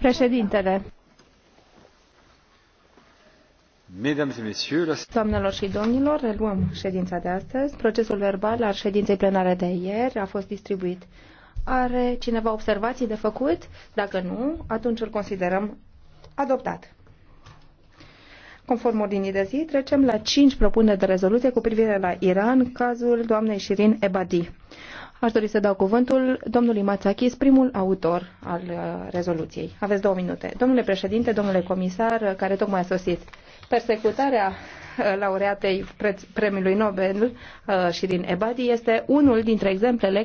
Președintele. Doamnelor și domnilor, reluăm ședința de astăzi. Procesul verbal al ședinței plenare de ieri a fost distribuit. Are cineva observații de făcut? Dacă nu, atunci îl considerăm adoptat. Conform ordinii de zi, trecem la cinci propuneri de rezoluție cu privire la Iran, cazul doamnei Shirin Ebadi. Aș dori să dau cuvântul domnului Mațachis, primul autor al uh, rezoluției. Aveți două minute. Domnule președinte, domnule comisar, uh, care tocmai a sosit, persecutarea uh, laureatei premiului Nobel și din Ebadi este unul dintre exemplele